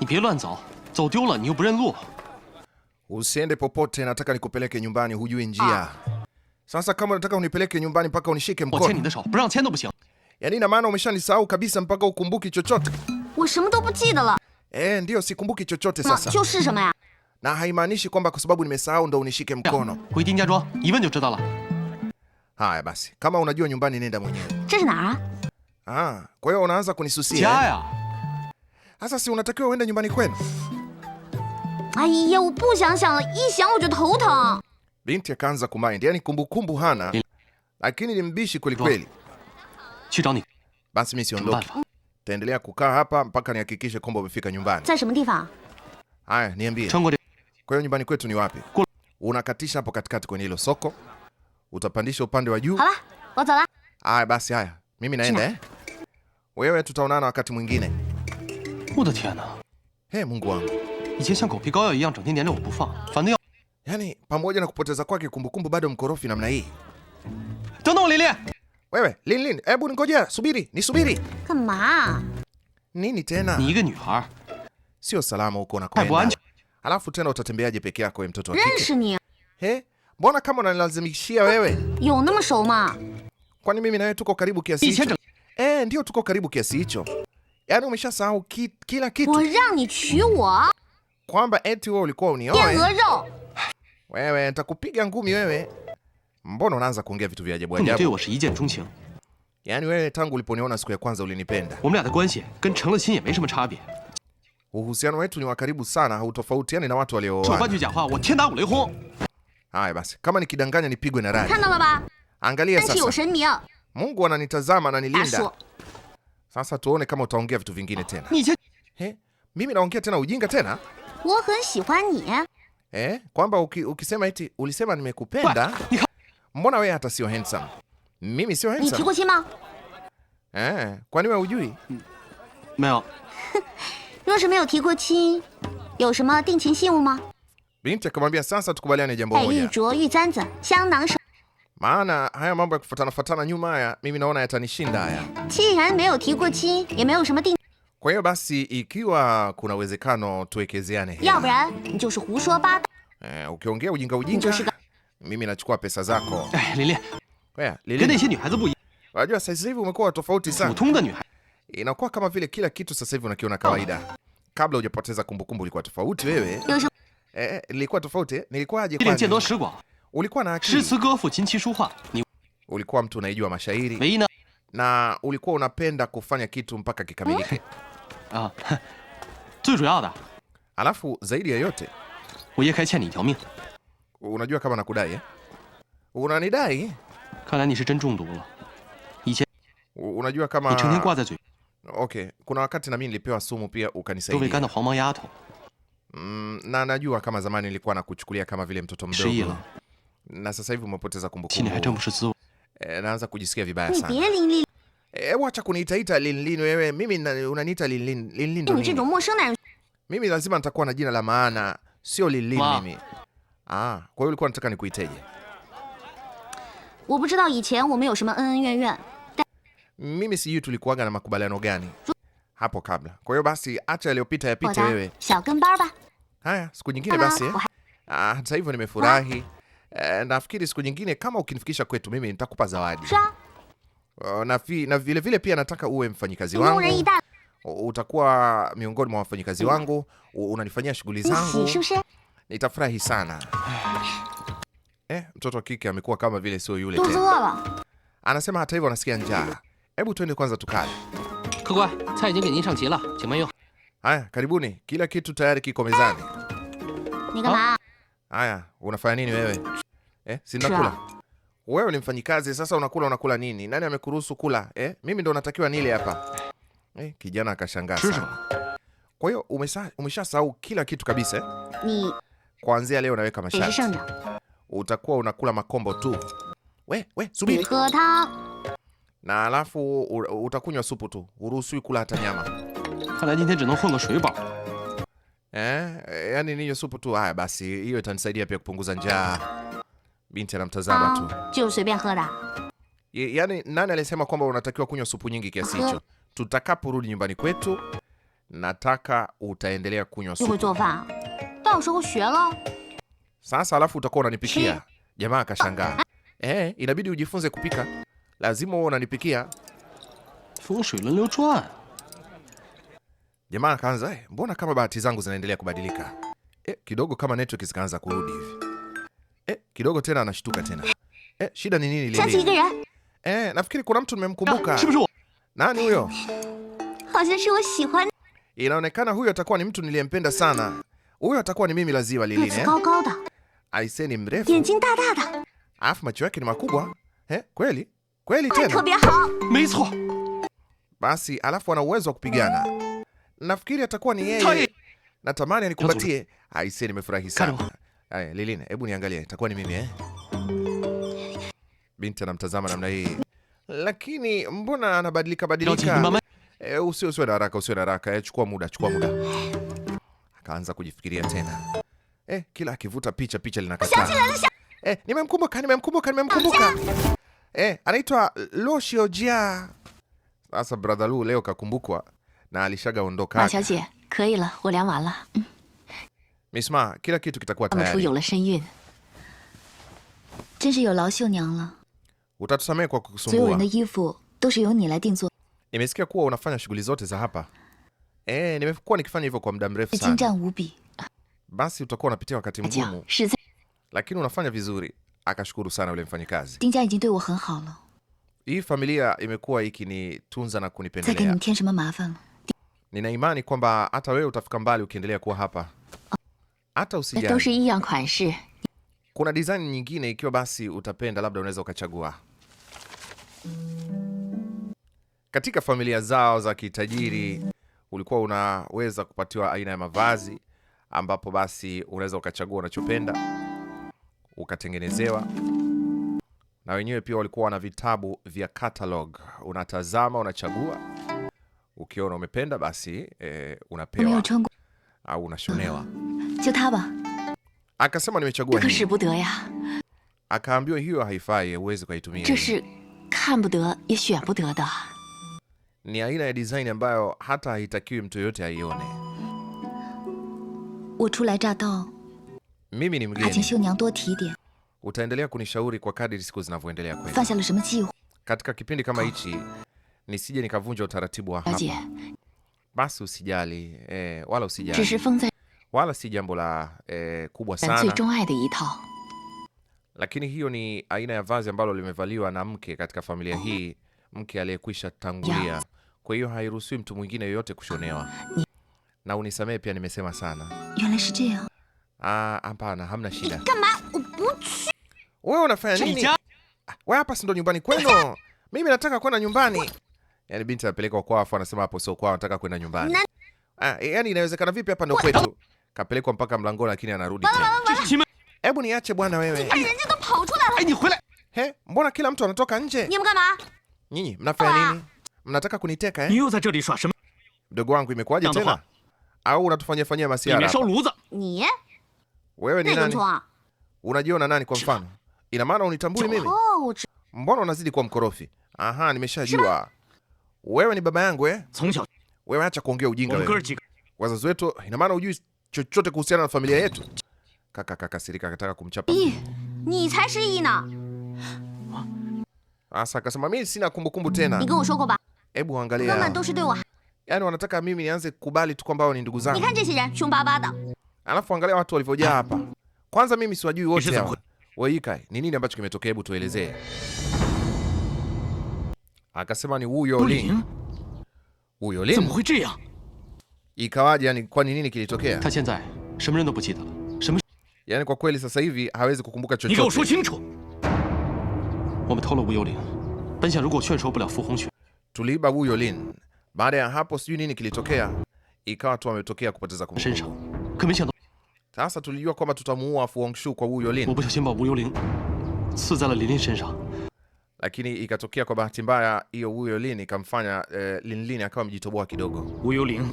你别乱走，走丢了你又不认路。Usiende popote, nataka nikupeleke nyumbani, hujui njia. Ah. Sasa kama unataka unipeleke nyumbani mpaka unishike mkono. Wacha ina maana umeshanisahau kabisa mpaka ukumbuki chochote. Wo shemu Eh, ndio sikumbuki chochote sasa. Na haimaanishi kwamba kwa sababu nimesahau ndo unishike mkono. Haya basi, kama unajua nyumbani nenda mwenyewe. kwa hiyo unaanza kunisusia. Sasa si unatakiwa uende nyumbani kwenu? upu tou tang. Binti akaanza kumind, yani kumbukumbu hana, lakini ni mbishi kweli kwelikweli. Basi mimi siondoki. Taendelea kukaa hapa mpaka nihakikishe kwamba umefika nyumbani. Haya, niambie. Kwa hiyo nyumbani kwetu ni wapi? Unakatisha hapo katikati kwenye hilo soko. Utapandisha upande wa juu. Hala, Haya basi haya. Mimi naenda eh. Wewe tutaonana wakati mwingine. 我的天哪！Hey, pamoja na kupoteza kwake kumbukumbu bado mkorofi namna hii. Tendo Linlin. Wewe, Linlin, hebu ngoja, subiri, nisubiri. Kama. Nini tena? Ni iga nyuhar. Sio salama uko unakoenda. Alafu tena utatembeaje peke yako wewe mtoto wa kike? He? Mbona kama unanilazimishia wewe? Yo, nama shou Kwani mimi na wewe tuko karibu kiasi hicho? Eh, ndio tuko karibu kiasi hicho. Yaani umeshasahau ki, kila kitu. Kwamba eti wewe ulikuwa unioe. Wewe nitakupiga ngumi wewe. Mbona unaanza kuongea vitu vya ajabu ajabu? Yaani wewe tangu uliponiona siku ya kwanza ulinipenda. Uhusiano wetu ni wa karibu sana, hautofautiani na watu waliooa. Haya basi, kama nikidanganya nipigwe na radi. Angalia sasa. Mungu ananitazama na nilinda. Sasa tuone kama utaongea vitu vingine tena. He? Mimi naongea tena ujinga tena? Eh, kwamba uki, ukisema eti ulisema nimekupenda. Mbona wewe hata sio handsome? Mimi sio handsome. Eh, kwani wewe hujui? Binti akamwambia sasa tukubaliane jambo moja maana haya mambo ya kufuatana fatana nyuma haya mimi naona yatanishinda haya. Kwa hiyo basi ikiwa kuna uwezekano tuwekezeane Eh, ukiongea ujinga ujinga mimi nachukua pesa zako. Eh, Unajua sasa hivi umekuwa tofauti sana. Inakuwa kama vile kila kitu sasa hivi unakiona kawaida. Kabla hujapoteza kumbukumbu ulikuwa tofauti wewe. Eh, nilikuwa eh, tofauti, nilikuwaje kwani? ulikuwa na akili. Ulikuwa mtu unaijua mashairi Meina. na ulikuwa unapenda kufanya kitu mpaka kikamilike. Ah. Alafu zaidi ya yote unajua kama nakudai eh? Unanidai? Unajua kama... Okay, kuna wakati na mimi nilipewa sumu pia ukanisaidia. Mm, na najua kama zamani nilikuwa nakuchukulia kama vile mtoto mdogo na sasa hivi umepoteza kumbukumbu. Eh, naanza kujisikia vibaya sana. E, wacha kuniitaita Linlin wewe. Mimi unaniita Linlin. Linlin ndo mimi. Mimi lazima nitakuwa na jina la maana, sio Linlin mimi. Ah, kwa hiyo ulikuwa unataka nikuiteje? Mimi sijui tulikuwaga na makubaliano gani hapo kabla. Kwa hiyo basi acha yaliyopita yapite wewe. Haya, siku nyingine basi. Ah, hata hivyo nimefurahi. Eh, nafikiri siku nyingine kama ukinifikisha kwetu mimi nitakupa zawadi. Eh, na fi, na vile vile pia nataka uwe mfanyikazi wangu. Utakuwa miongoni mwa wafanyikazi mm. wangu, unanifanyia shughuli zangu. Nitafurahi sana. Eh, mtoto wa kike amekuwa kama vile sio yule tena. Anasema hata hivyo anasikia njaa. Hebu twende kwanza tukale. Haya, karibuni. Kila kitu tayari kiko mezani. Ni kama ah. Haya, unafanya nini wewe? Eh, si nakula. Wewe ni mfanyikazi sasa, unakula unakula nini? Nani amekuruhusu kula? Eh, mimi ndo natakiwa nile hapa. Eh, kijana akashangaa sana. Kwa hiyo umeshasahau kila kitu kabisa eh? Ni kuanzia leo unaweka masharti. Utakuwa unakula makombo tu. We, we, subiri. Na alafu utakunywa supu tu. Uruhusiwi kula hata nyama. Eh, eh yani ninyo supu tu. Haya basi, hiyo itanisaidia pia kupunguza njaa. Ah. Binti anamtazama tu. Ah, yaani nani alisema kwamba unatakiwa kunywa supu nyingi kiasi hicho? Tutakaporudi nyumbani kwetu, nataka utaendelea kunywa supu. Sasa alafu utakuwa unanipikia. Jamaa akashangaa. Eh, inabidi ujifunze kupika. Lazima uwe unanipikia. Jamaa akaanza eh, mbona kama bahati zangu zinaendelea kubadilika eh, kidogo kama network zikaanza kurudi hivi eh, kidogo tena anashtuka tena eh, shida ni nini lili? eh, nafikiri kuna mtu nimemkumbuka. Nani huyo? Inaonekana huyo atakuwa ni mtu niliyempenda sana. Huyo atakuwa ni mimi lazima liline. Aise eh. ni mrefu. Alafu macho yake ni makubwa. Eh, kweli? Kweli tena. Basi alafu ana uwezo wa kupigana nafikiri atakuwa ni yeye. Natamani anikumbatie. Aisee, nimefurahi sana. Aya, Lilina, hebu niangalie, itakuwa ni mimi eh? Binti anamtazama namna hii, lakini mbona anabadilika badilika? E, usio usiwe na haraka, usio na haraka. E, chukua muda, chukua muda. Akaanza kujifikiria tena. E, kila akivuta picha picha linakataa. E, nimemkumbuka, nimemkumbuka, nimemkumbuka. E, anaitwa Lo Shiojia. Sasa brother Lu leo kakumbukwa na alishagaondoka. Mashajie, keila, walianwala. Miss Ma, kila kitu kitakuwa tayari. Utatusamehe kwa kukusumbua. Nimesikia kuwa unafanya shughuli zote za hapa. Eh, nimekuwa nikifanya hivyo kwa muda mrefu sana. Basi utakuwa unapitia wakati mgumu. Lakini unafanya vizuri. Akashukuru sana yule mfanyikazi. Hii familia imekuwa ikinitunza na kunipendelea. Nina imani kwamba hata wewe utafika mbali ukiendelea kuwa hapa, hata usijali. Kuna design nyingine, ikiwa basi utapenda, labda unaweza ukachagua. Katika familia zao za kitajiri ulikuwa unaweza kupatiwa aina ya mavazi ambapo basi unaweza ukachagua unachopenda ukatengenezewa, na wenyewe pia walikuwa wana vitabu vya catalog, unatazama, unachagua ukiona umependa basi eh, unapewa au unashonewa. Ah, Akasema nimechagua hii. Akaambiwa hiyo haifai, huwezi kuitumia. Ni aina ya design ambayo hata haitakiwi mtu yoyote aione. Mimi ni mgeni. Utaendelea kunishauri kwa kadri siku zinavyoendelea kwenda. Katika kipindi kama hichi nisije nikavunja utaratibu wa hapa. Basi usijali eh, wala usijali wala si jambo la eh, kubwa sana, lakini hiyo ni aina ya vazi ambalo limevaliwa na mke katika familia hii, mke aliyekwisha tangulia. Kwa hiyo hairuhusiwi mtu mwingine yoyote kushonewa, na unisamehe pia nimesema sana. Ah, hapana, hamna shida. Wewe unafanya nini? Ah, wewe hapa si ndo nyumbani kwenu? Mimi nataka kwenda nyumbani. Yani binti anapelekwa kwao, afu anasema hapo sio kwao, anataka kwenda nyumbani. Ah, yani inawezekana vipi? Hapa ndio kwetu. Kapelekwa mpaka mlangoni, lakini anarudi tena. Hebu niache bwana wewe. He, mbona kila mtu anatoka nje? Nyinyi mnafanya nini? Mnataka kuniteka eh? Mdogo wangu imekuwaje tena? Au unatufanyia fanyia masiara? Wewe ni nani? Unajiona nani kwa mfano? Ina maana unitambui mimi? Mbona unazidi kuwa mkorofi? Aha, nimeshajua. Wewe ni baba yangu eh? Wewe acha kuongea ujinga wewe. Wazazi wetu, ina maana hujui chochote kuhusiana na familia yetu. Kaka kaka sirika akataka kumchapa. Ni cai shi na. Asa akasema mimi sina kumbukumbu tena. Ni ba. Hebu angalia. Mama Yaani wanataka mimi nianze kukubali tu kwamba wao ni ndugu zangu. Ni kanje chumba Alafu angalia watu walivyojaa hapa. Kwanza mimi siwajui wote hawa. Wewe Ikai, ni nini ambacho kimetokea? Hebu tuelezee akasema ni Wuyo Ling. Wuyo Ling. Ikawaje yani, kwa nini kilitokea? Yani kwa kweli sasa hivi hawezi kukumbuka chochote. Tuliiba Wuyo Ling. Baada ya hapo sijui nini kilitokea, ikawa tu ametokea kupoteza kumbukumbu. Sasa tulijua kwamba tutamuua Fu Hongxue kwa Wuyo Ling lakini ikatokea kwa bahati mbaya hiyo, huyo Lin ikamfanya eh, Lin Lin akawa amejitoboa kidogo. Huyo Lin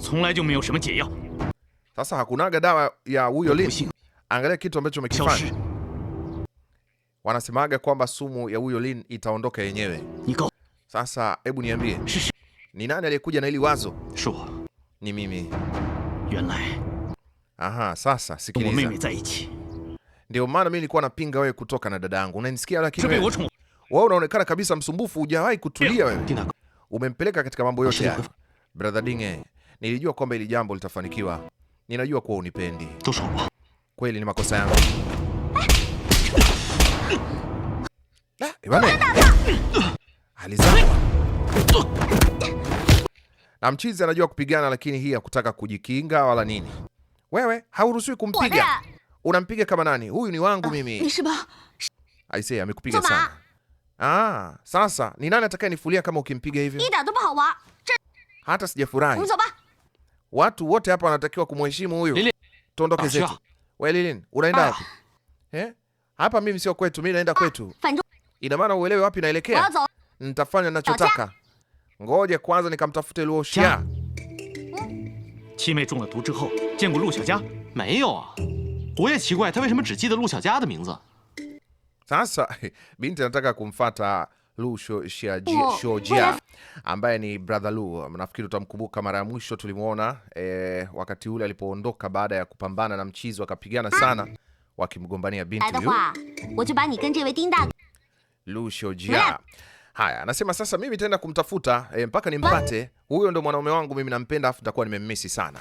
sasa hakunaga dawa ya huyo Lin. Angalia kitu ambacho umekifanya. Wanasemaga kwamba sumu ya huyo Lin itaondoka yenyewe. Sasa hebu niambie, ni nani aliyekuja na hili wazo? Ni mimi. Aha, sasa sikiliza, ndio maana mimi nilikuwa napinga wewe kutoka na dada yangu, unanisikia lakini wewe. Wewe unaonekana kabisa msumbufu, hujawahi kutulia wewe. Umempeleka katika mambo yote haya. Brother Dinge, nilijua kwamba hili jambo litafanikiwa. Ninajua kuwa unipendi. Kweli ni makosa yangu. Ah, ibane. Alizama. Na mchizi anajua kupigana lakini hii kutaka kujikinga wala nini. Wewe hauruhusiwi kumpiga. Unampiga kama nani? Huyu ni wangu ah, mimi. Aisee, amekupiga sana. Ah, sasa ni nani atakayenifulia kama ukimpiga hivyo? Hata sijafurahi. Watu wote hapa wanatakiwa kumheshimu huyu. Tuondoke zetu. Wewe Lilin, unaenda ah. wapi? Eh? Hapa mimi sio kwetu, mimi naenda ah, kwetu. Ina maana uelewe wapi naelekea? Nitafanya ninachotaka. Ngoja kwanza nikamtafute Luo Xia. Sasa binti anataka kumfata Lu Shojia ambaye ni brother Lu. Nafikiri utamkumbuka, mara ya mwisho tulimwona e, wakati ule alipoondoka baada ya kupambana na mchizi, wakapigana sana wakimgombania binti Lu Shojia. Haya, anasema sasa mimi nitaenda kumtafuta e, mpaka nimpate. Huyo ndo mwanaume wangu mimi nampenda, afu nitakuwa nimemmisi sana.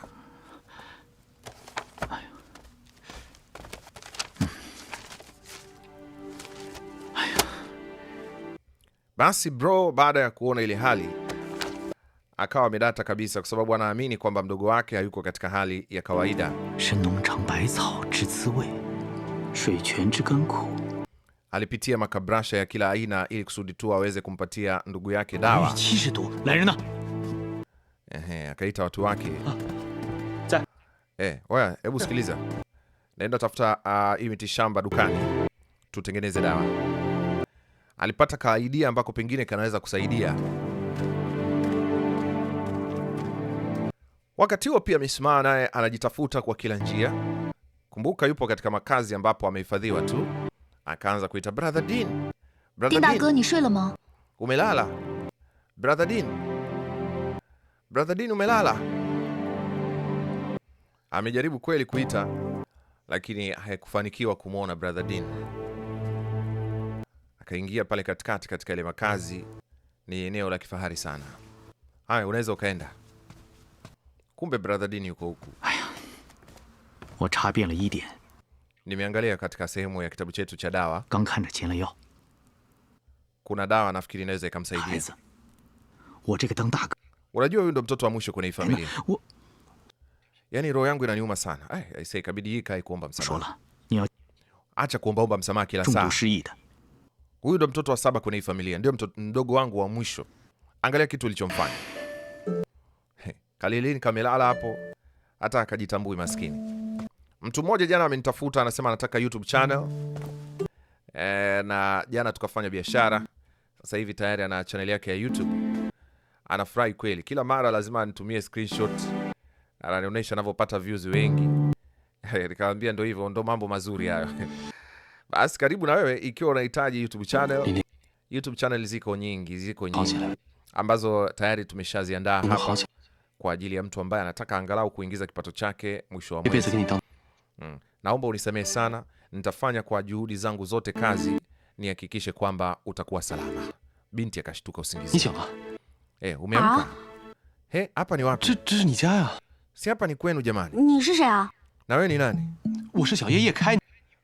Basi bro, baada ya kuona ile hali akawa amedata kabisa, kwa sababu anaamini kwamba mdogo wake hayuko katika hali ya kawaida. Alipitia makabrasha ya kila aina ili kusudi tu aweze kumpatia ndugu yake dawa. Ehe, akaita watu wake. Ah. Eh, oya, hebu sikiliza, naenda tafuta ah, hii miti shamba dukani tutengeneze dawa alipata kaidia ambako pengine kanaweza kusaidia. Wakati huo pia Mismaa naye anajitafuta kwa kila njia. Kumbuka yupo katika makazi ambapo amehifadhiwa tu. Akaanza kuita brother Dean, brother Dean, umelala? Brother Dean, brother Dean, umelala? Amejaribu kweli kuita, lakini hakufanikiwa kumwona brother Dean akaingia pale katikati katika ile makazi. Ni eneo la kifahari sana. Haya, unaweza ukaenda. Kumbe brother Dini yuko huku. Nimeangalia katika sehemu ya kitabu chetu cha dawa, kuna dawa nafikiri inaweza ikamsaidia. Unajua, huyu ndo mtoto wa mwisho kwenye familia. Yaani roho yangu inaniuma sana. Ai, Ay, ikabidi hii kae kuomba msamaha. Acha kuombaomba msamaha kila saa. Huyu ndo mtoto wa saba kwenye hii familia, ndio mdogo wangu wa mwisho. Angalia kitu ulichomfanya. kalilini kamelala hapo, hata akajitambui maskini. Mtu mmoja jana amenitafuta anasema anataka YouTube channel e, na jana tukafanya biashara. Sasa hivi tayari ana channel yake ya YouTube. Anafurahi kweli, kila mara lazima anitumie screenshot, ananionyesha anavyopata views wengi. Nikamwambia ndo hivyo, ndo mambo mazuri hayo. Basi karibu na wewe ikiwa unahitaji YouTube channel. YouTube channel ziko nyingi, ziko nyingi ambazo tayari tumeshaziandaa hapa kwa ajili ya mtu ambaye anataka angalau kuingiza kipato chake mwisho wa mwezi. Mm. Naomba unisamehe sana, nitafanya kwa juhudi zangu zote kazi nihakikishe kwamba utakuwa salama. Binti akashtuka usingizi. Eh, umeamka? Ah. He, hapa ni wapi? Si hapa ni kwenu jamani. Na wewe ni nani?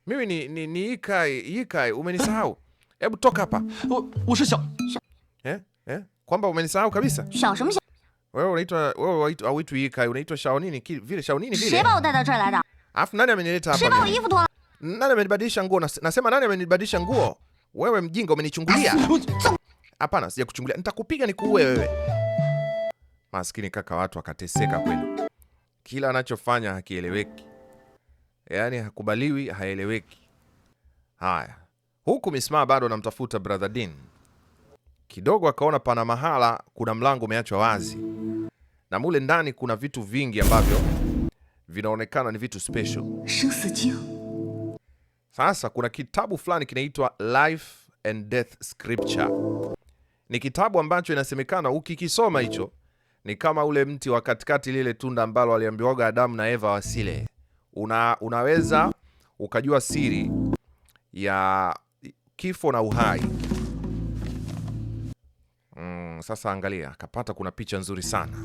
Mimi ni, ni, ni Ikai, Ikai, umenisahau. Hebu toka hapa. Eh? Eh? Kwamba umenisahau kabisa? Wewe unaitwa wewe unaitwa Ikai, unaitwa Shao nini? Vile Shao nini vile? Alafu nani amenileta hapa? Nani amenibadilisha nguo? Nasema nani amenibadilisha nguo? Wewe mjinga umenichungulia. Hapana, sija kuchungulia. Nitakupiga nikuue wewe. Maskini kaka, watu wakateseka kweli. Kila anachofanya hakieleweki yani hakubaliwi, haeleweki. Haya, huku Misma bado anamtafuta brother Din kidogo, akaona pana mahala kuna mlango umeachwa wazi na mule ndani kuna vitu vingi ambavyo vinaonekana ni vitu special. Sasa kuna kitabu fulani kinaitwa Life and Death Scripture. Ni kitabu ambacho inasemekana ukikisoma hicho ni kama ule mti wa katikati, lile tunda ambalo aliambiwaga Adamu na Eva wasile una, unaweza ukajua siri ya kifo na uhai. Mm, sasa angalia, kapata kuna picha nzuri sana.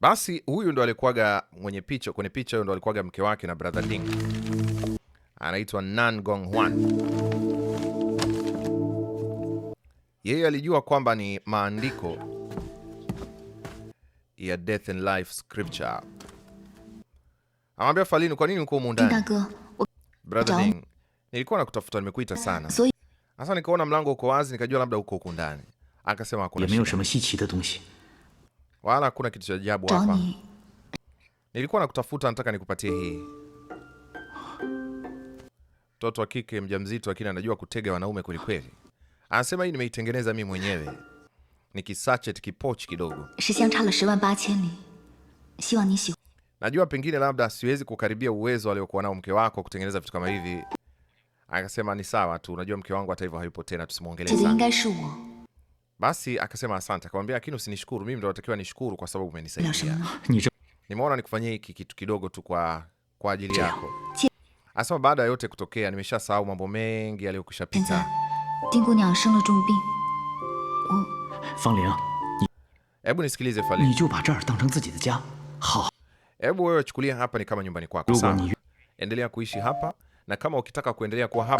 Basi huyu ndo alikuwaga mwenye picha, kwenye picha huyu ndo alikuwaga mke wake na brother Ding, anaitwa Nan Gong Huan. Yeye alijua kwamba ni maandiko ya death and life scripture. Amwambia Falini, kwa nini uko humu ndani? Brother Ding, nilikuwa nakutafuta, nimekuita sana. Sasa nikaona mlango uko wazi, nikajua labda uko huko ndani. Akasema hakuna wala hakuna kitu cha ajabu hapa. Nilikuwa nakutafuta, nataka nikupatie hii. Mtoto wa kike mjamzito, lakini anajua kutega wanaume kwelikweli. Anasema hii nimeitengeneza mimi mwenyewe. Ni kisachet kipochi kidogo. Najua pengine labda siwezi kukaribia uwezo aliokuwa nao mke wako kutengeneza vitu kama hivi. Akasema ni sawa tu. Unajua mke wangu hata hivyo hayupo tena, tusimuongelee sana. Basi akasema asante. Akamwambia lakini usinishukuru, mimi ndo natakiwa nishukuru kwa sababu umenisaidia. Nimeona nikufanyie hiki kitu kidogo tu kwa kwa ajili yako. Asema baada ya yote kutokea, nimeshasahau mambo mengi yaliyokushapita. 丁姑娘生了重病，我方玲，hebu nisikilize 你就把这儿当成自己的家，好。hebu wewe chukulia hapa ni kama nyumbani kwako sana, endelea kuishi hapa, na kama ukitaka kuendelea kuwa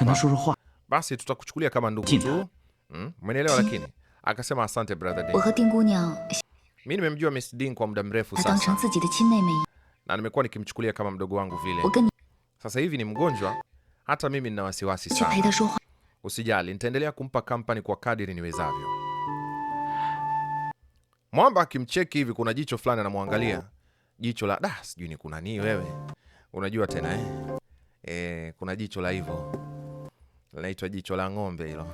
tutakuchukulia kama ndugu tu. Hmm? Lakini akasema asante brother Ding. nimemjua Miss Ding kwa muda mrefu nimekuwa nikimchukulia kama mdogo wangu vile. hivi ni mgonjwa, hata mimi nina wasiwasi sana. Usijali, nitaendelea kumpa kampani kwa kadiri niwezavyo. Mwamba akimcheki hivi, kuna jicho fulani anamwangalia, jicho la da, sijui ni kuna nini wewe, unajua tena eh? E, kuna jicho la hivyo linaitwa jicho la ng'ombe hilo,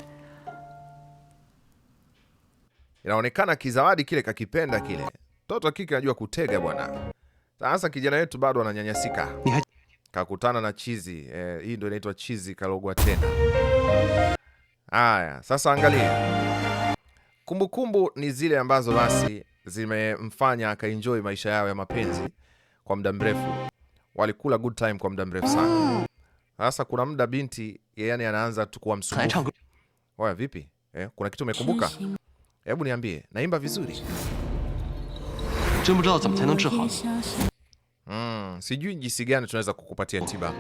inaonekana kizawadi kile kakipenda kile. Mtoto wa kike anajua kutega bwana. Sasa kijana wetu bado ananyanyasika kakutana na chizi eh, hii ndo inaitwa chizi kalogwa tena. Haya, sasa angalia kumbukumbu ni zile ambazo basi zimemfanya akaenjoy maisha yao ya mapenzi kwa muda mrefu, walikula good time kwa muda mrefu sana. Sasa kuna muda binti yani anaanza tu kuwa msumbufu. Oya, vipi eh, kuna kitu umekumbuka? Hebu niambie, naimba vizuri? Mm, sijui jinsi gani tunaweza kukupatia tiba.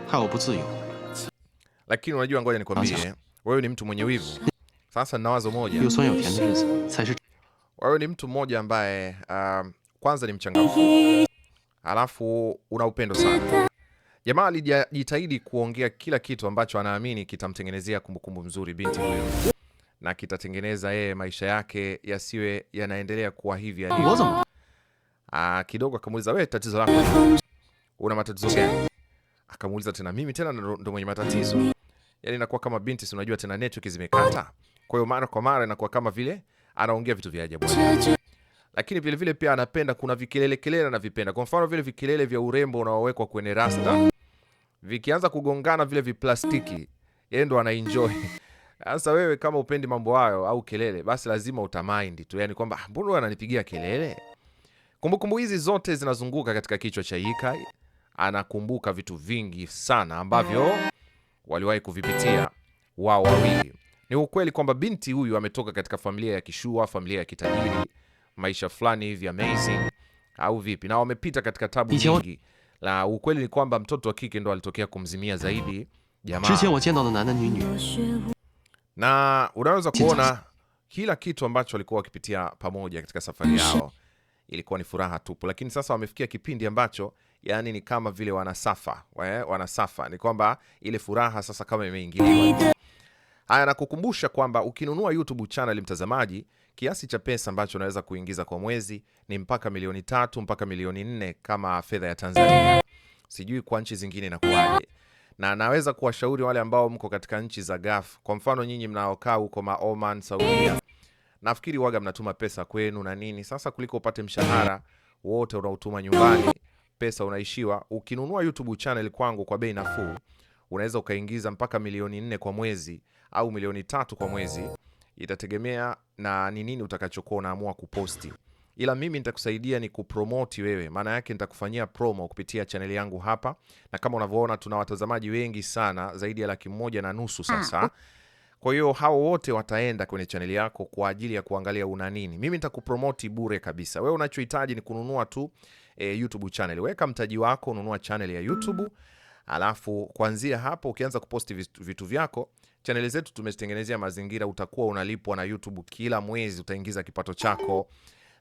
Lakini unajua, ngoja nikwambie, wewe ni mtu mwenye wivu. Sasa nina wazo moja. Wewe ni mtu mmoja ambaye uh, kwanza ni mchangamfu, alafu una upendo sana. Jamaa alijitahidi kuongea kila kitu ambacho anaamini kitamtengenezea kumbukumbu mzuri binti huyo na kitatengeneza yeye maisha yake yasiwe yanaendelea kuwa hivi alivyo. Ah, kidogo akamuuliza wewe, tatizo lako una matatizo gani? Akamuuliza tena, mimi tena ndo mwenye matatizo. Yaani inakuwa kama binti, si unajua tena network zimekata, kwa hiyo mara kwa mara inakuwa kama vile anaongea vitu vya ajabu, lakini vile vile pia anapenda kuna vikelele kelele na vipenda, kwa mfano vile vikelele vya urembo unaowekwa kwenye rasta vikianza kugongana vile viplastiki, yeye ndo ana enjoy Sasa wewe kama upendi mambo hayo au kelele, basi lazima utamind tu, Yaani kwamba ah, mbona ananipigia kelele Kumbukumbu hizi zote zinazunguka katika kichwa cha Ikai. Anakumbuka vitu vingi sana ambavyo waliwahi kuvipitia wao wawili. Ni ukweli kwamba binti huyu ametoka katika familia ya kishua, familia ya kitajiri, maisha fulani hivi amazing au vipi, na wamepita katika tabu nyingi. La ukweli ni kwamba mtoto wa kike ndo alitokea kumzimia zaidi jamaa, na unaweza kuona kila kitu ambacho walikuwa wakipitia pamoja katika safari yao ilikuwa ni furaha tupu, lakini sasa wamefikia kipindi ambacho yani ni kama vile wanasafa we, eh, wanasafa ni kwamba ile furaha sasa kama imeingiliwa. Haya, nakukumbusha kwamba ukinunua YouTube channel, mtazamaji, kiasi cha pesa ambacho unaweza kuingiza kwa mwezi ni mpaka milioni tatu mpaka milioni nne kama fedha ya Tanzania. Sijui kwa nchi zingine inakuwaje, na naweza kuwashauri wale ambao mko katika nchi za Gulf, kwa mfano nyinyi mnaokaa huko Oman, Saudia nafikiri waga mnatuma pesa kwenu na nini. Sasa kuliko upate mshahara wote unaotuma nyumbani, pesa unaishiwa. Ukinunua YouTube channel kwangu kwa bei nafuu, unaweza ukaingiza mpaka milioni nne kwa mwezi au milioni tatu kwa mwezi, itategemea na ni nini utakachokuwa unaamua kuposti ila mimi nitakusaidia ni kupromoti wewe, maana yake nitakufanyia promo kupitia chaneli yangu hapa, na kama unavyoona tuna watazamaji wengi sana zaidi ya laki moja na nusu sasa. Ah, kwa hiyo hao wote wataenda kwenye chaneli yako kwa ajili ya kuangalia una nini. Mimi nitakupromoti bure kabisa. Wewe unachohitaji ni kununua tu e, YouTube channel. Weka mtaji wako, nunua channel ya YouTube. Alafu kuanzia hapo ukianza kuposti vitu, vitu vyako. Chaneli zetu tumezitengenezea mazingira, utakuwa unalipwa na YouTube kila mwezi, utaingiza kipato chako.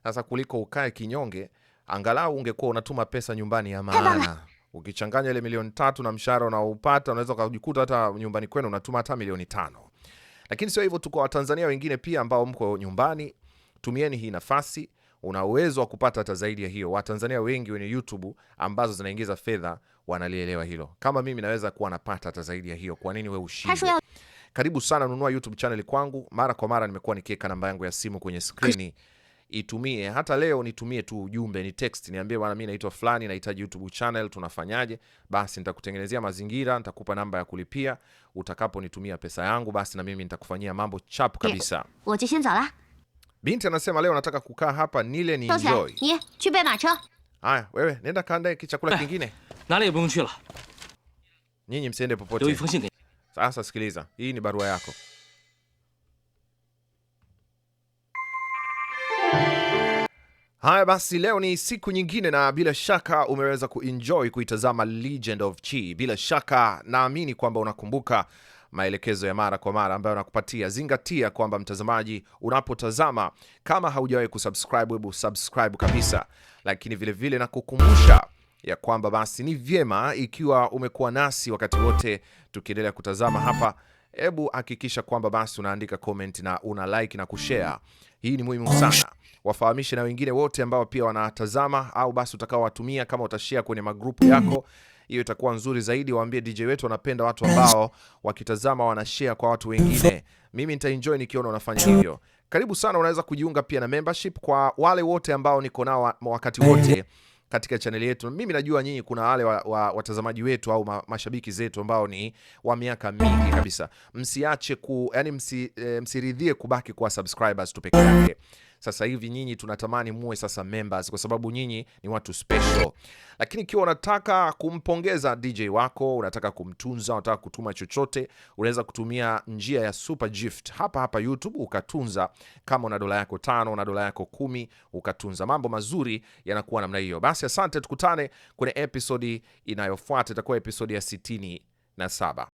Sasa kuliko ukae kinyonge, angalau ungekuwa unatuma pesa nyumbani ya maana. Ukichanganya ile milioni tatu na mshahara unaoupata, unaweza ukajikuta hata nyumbani kwenu unatuma hata milioni tano. Lakini sio hivyo tu, kwa Watanzania wengine pia ambao mko nyumbani, tumieni hii nafasi. Una uwezo wa kupata hata zaidi ya hiyo. Watanzania wengi wenye YouTube ambazo zinaingiza fedha wanalielewa hilo. Kama mimi naweza kuwa napata hata zaidi ya hiyo, kwa nini wewe ushindwe? Karibu sana, nunua YouTube channel kwangu. Mara kwa mara nimekuwa nikiweka namba yangu ya simu kwenye skrini itumie hata leo, nitumie tu ujumbe, ni text, niambie bwana, mimi naitwa fulani, nahitaji YouTube channel, tunafanyaje? Basi nitakutengenezea mazingira, nitakupa namba ya kulipia, utakaponitumia pesa yangu, basi na mimi nitakufanyia mambo chap kabisa. Binti anasema leo nataka kukaa hapa nile ni enjoy. Haya, wewe nenda kaandae kichakula ah, kingine. Nale Nyinyi msiende popote. Sasa sikiliza, hii ni barua yako. Haya basi, leo ni siku nyingine, na bila shaka umeweza kuenjoy kuitazama Legend of Chi. Bila shaka naamini kwamba unakumbuka maelekezo ya mara kwa mara ambayo nakupatia. Zingatia kwamba mtazamaji, unapotazama, kama haujawahi kusubscribe, hebu subscribe kabisa, lakini vilevile nakukumbusha ya kwamba basi ni vyema ikiwa umekuwa nasi wakati wote tukiendelea kutazama hapa, hebu hakikisha kwamba basi unaandika comment na una like na kushare hii ni muhimu sana, wafahamishe na wengine wote ambao pia wanatazama, au basi utakaowatumia kama utashare kwenye magrupu mm. yako hiyo itakuwa nzuri zaidi. Waambie DJ wetu anapenda watu ambao wakitazama wanashare kwa watu wengine. Mimi nitaenjoy nikiona unafanya hivyo. Karibu sana, unaweza kujiunga pia na membership kwa wale wote ambao niko nao wakati wote katika chaneli yetu. Mimi najua nyinyi kuna wale wa, wa, watazamaji wetu au ma, mashabiki zetu ambao ni wa miaka mingi kabisa, msiache ku, yani msi, e, msiridhie kubaki kuwa subscribers tu peke yake. Sasa hivi nyinyi tunatamani muwe sasa members, kwa sababu nyinyi ni watu special. Lakini ikiwa unataka kumpongeza DJ wako, unataka kumtunza, unataka kutuma chochote, unaweza kutumia njia ya super gift hapa hapa YouTube ukatunza. Kama una dola yako tano, una dola yako kumi, ukatunza. Mambo mazuri yanakuwa namna hiyo. Basi asante, tukutane kwenye episodi inayofuata, itakuwa episodi ya sitini na saba.